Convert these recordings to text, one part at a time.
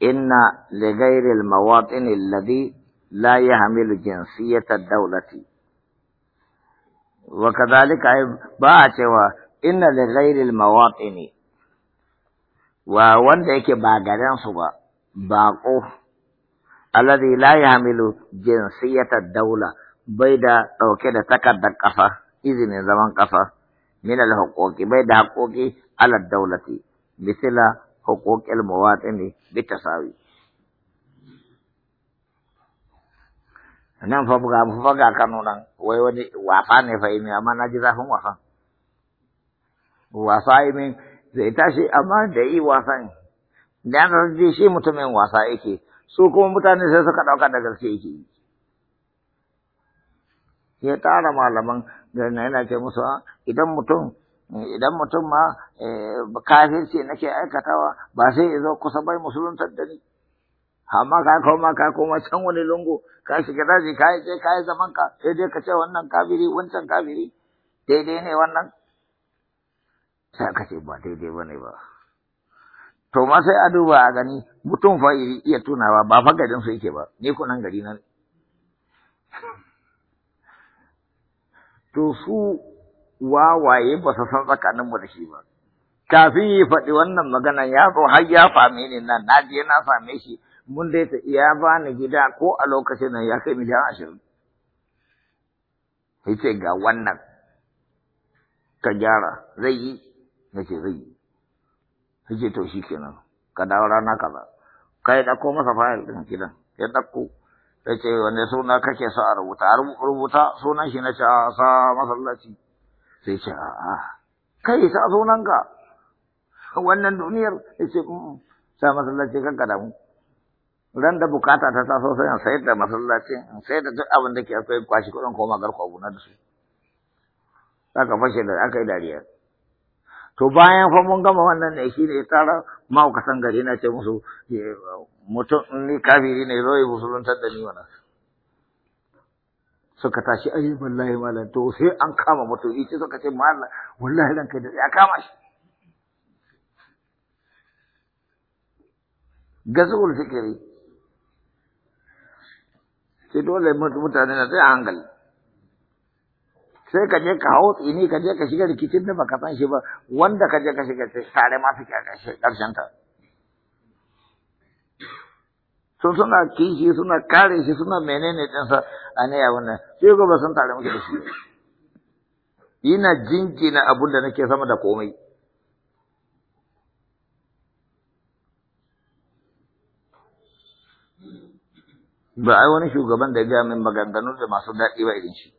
inna ligairil mawatin alladhi la hamilu jinsiyata dawlati wa kadhalika ba a cewa inna ligairil mawatin wa wanda yake ba garin su ba baqo alladhi la hamilu jinsiyata dawla bai da dauke da takardar ƙasa izinin zaman ƙasa min al bai da haƙoƙi ala dawlati bisila حقوق المواطن بالتساوي nan fa buga fa ga Kano nan wai wani wasa ne fa imi amma na ji zafin wasan wasa imi zai tashi amma da yi wasan da na ji shi mutumin wasa yake su kuma mutane sai suka dauka da gaske yake yi ya tara malaman garin yana ce musu idan mutum idan mutum ma eh, kafirci nake aikatawa ba sai ya zo kusa bai musuluntar da ni amma ka koma ka koma can wani lungu ka shiga daji ka yi ka yi zaman ka sai dai ka ce wannan kafiri wancan kafiri daidai ne wannan sai ka ce ba daidai ba ne ba to ma sai a duba a gani mutum fa iya tunawa ba fa garin su yake ba ni kunan gari na to su wawaye ba su san mu da shi ba. Kafin yi faɗi wannan magana ya zo har ya same ni nan, na je na same shi, mun dai ta iya ba ni gida ko a lokacin nan ya kai miliyan ashirin. Ya ce ga wannan, ka gyara, zai yi, na ce zai yi. Ya ce to shi kenan, ka dawo rana kaza. Ka yi ɗauko masa fayil ɗin gidan, ya ɗauko. Ya ce wanne suna kake sa a rubuta, a rubuta sunan shi na ce a sa masallaci. sai ce a kai ta sunanka wannan duniyar mm, mm. sai ce sa masallaci kan mu ran da bukata ta taso sai in sayar da masallaci in sayar da duk abin da ke akwai kwashi kuɗin koma garko abu na da su aka fashe da aka yi dariya to bayan fa mun gama wannan ne shi ne tara ma'aukatan gari na ce musu mutum ni kafiri ne zo ya musuluntar da ni wannan suka tashi ai wallahi malam to sai an kama mutum ita suka ce malam wallahi ranka da ya kama shi gazul fikiri sai dole mutane na sai hankali sai ka je ka hau tsini ka je ka shiga rikicin da baka san shi ba wanda ka je ka shiga sai sare ma fi ƙarshen ta sun suna kishi suna kare shi suna menene ɗinsa a ne abin nan sai gobe sun tare muke da shi ina jinkina abun da nake sama da komai ba ai wani shugaban da gaya min maganganu da masu daɗi ba irin shi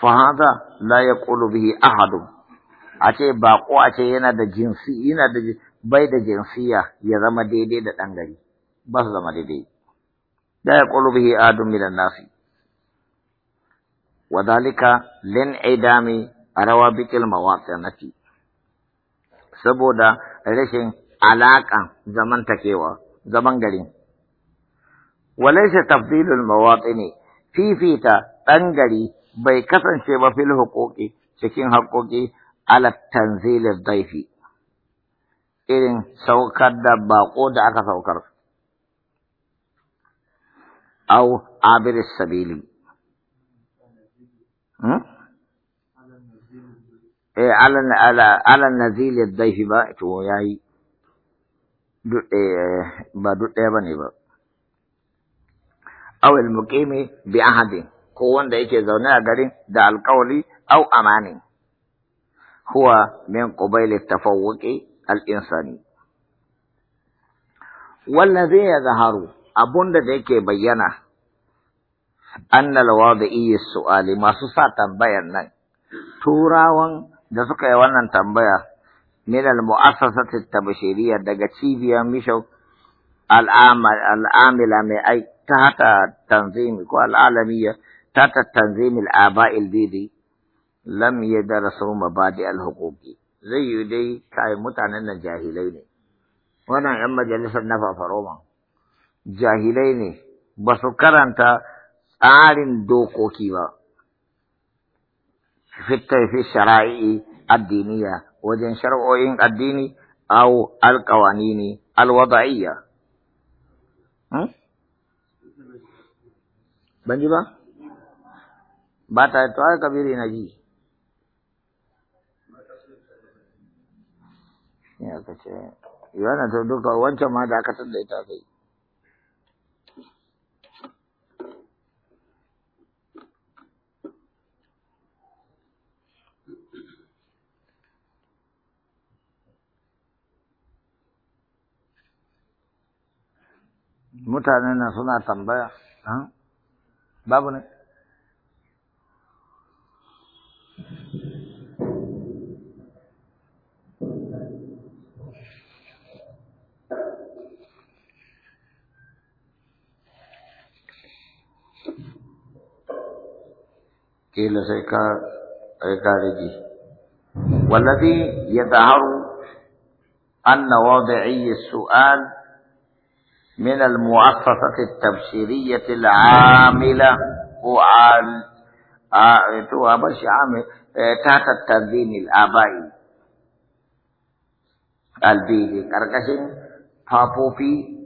fahada la ya bihi ahadun a ce baƙo a ce yana da jinsi yana da jinsi bai da jinsiya ya zama daidai da ɗan gari ba su zama daidai da ya ƙulu bihi adun milan nasi wa zalika lin idami a rawa na mawaƙi saboda rashin alaƙan zamantakewa zaman garin walaisa tafdilul ne, fifita ɗan gari bai kasance ba fil hukuki cikin haƙoƙi ala tanzilin daifi irin saukar da baƙo da aka saukar. Au abiris sabili. alan nazilin daifi ba, to ya yi, eh, ba duk ba ne ba. Awil muƙimi bi ahadin, ko wanda yake zaune a garin da alkawari au Amani, Huwa min ƙubailin tafawuƙi الانساني والذي يظهر ابن ذلك بينا ان الواضعي السؤال ما سوسا تنبينا تورا وان دسك وانا تنبيا من المؤسسة التبشيرية دقا تشيفيا ميشو العاملة من اي تحت تنظيم العالمية تحت تنظيم الاباء الديدي لم يدرسوا مبادئ الحقوقي zai yi dai kai mutanen nan jahilai ne wannan yan majalisar na fafaroma jahilai ne ba su karanta tsarin dokoki ba fi shara'i addiniya wajen shar'o'in addini alkawani ne, alwada'iyya hmm? ban ji ba ba ta to ai kabiri na ji ya ka ce yana ta duka wancan ma da aka da ita kai mutanen nan suna tambaya babu ne سيكار خارجي والذي يظهر أن واضعي السؤال من المؤسسة التبشيرية العاملة آه، آه، تحت التنظيم الآبائي البيهي كركشين في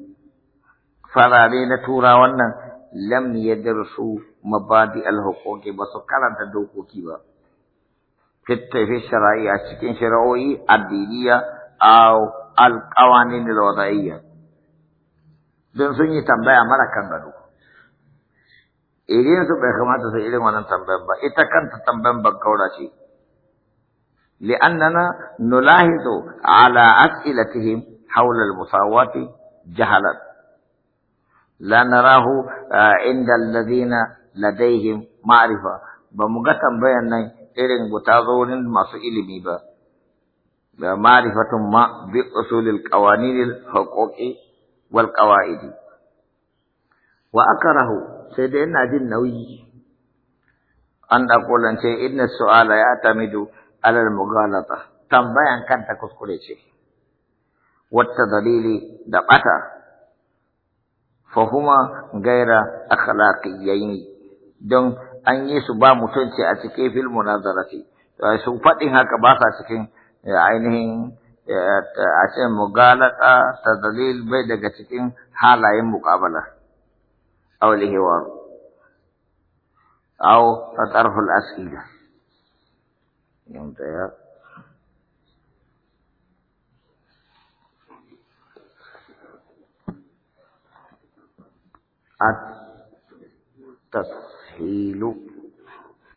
فرارين تورا ونن لم يدرسوا مبادئ الحقوق کے بس کلا ددو کو کی وا کتے ہے شرعی اچکن شرعی ادیریا او القوانین الوضعیہ دن سنی تمبایا مرا کن بدو ایلین سو بیخمات سو ایلین وانا تمبایا با ایتا کن تمبایا با گوڑا چی لأننا نلاحظ على أسئلتهم حول المساواة جهلت لا نراه آه، عند الذين لديهم معرفة بمغتم بيان إرن بتاظون ما سئلمي با معرفة ما بأصول القوانين الحقوق والقواعد وأكره سيدنا دين نوي أن أقول أن شيء إن السؤال يعتمد على المغالطة تنبيا كانت شيء والتضليل دقتا fahuma gaira akhlaqiyyaini don an yi su ba mutunci a cikin fil munazarati su faɗin haka ba sa cikin eh, ainihin eh, a ce mugalata ta dalil bai daga cikin halayen muƙabala aulihi wa au tatarful asila yanda ya التسهيل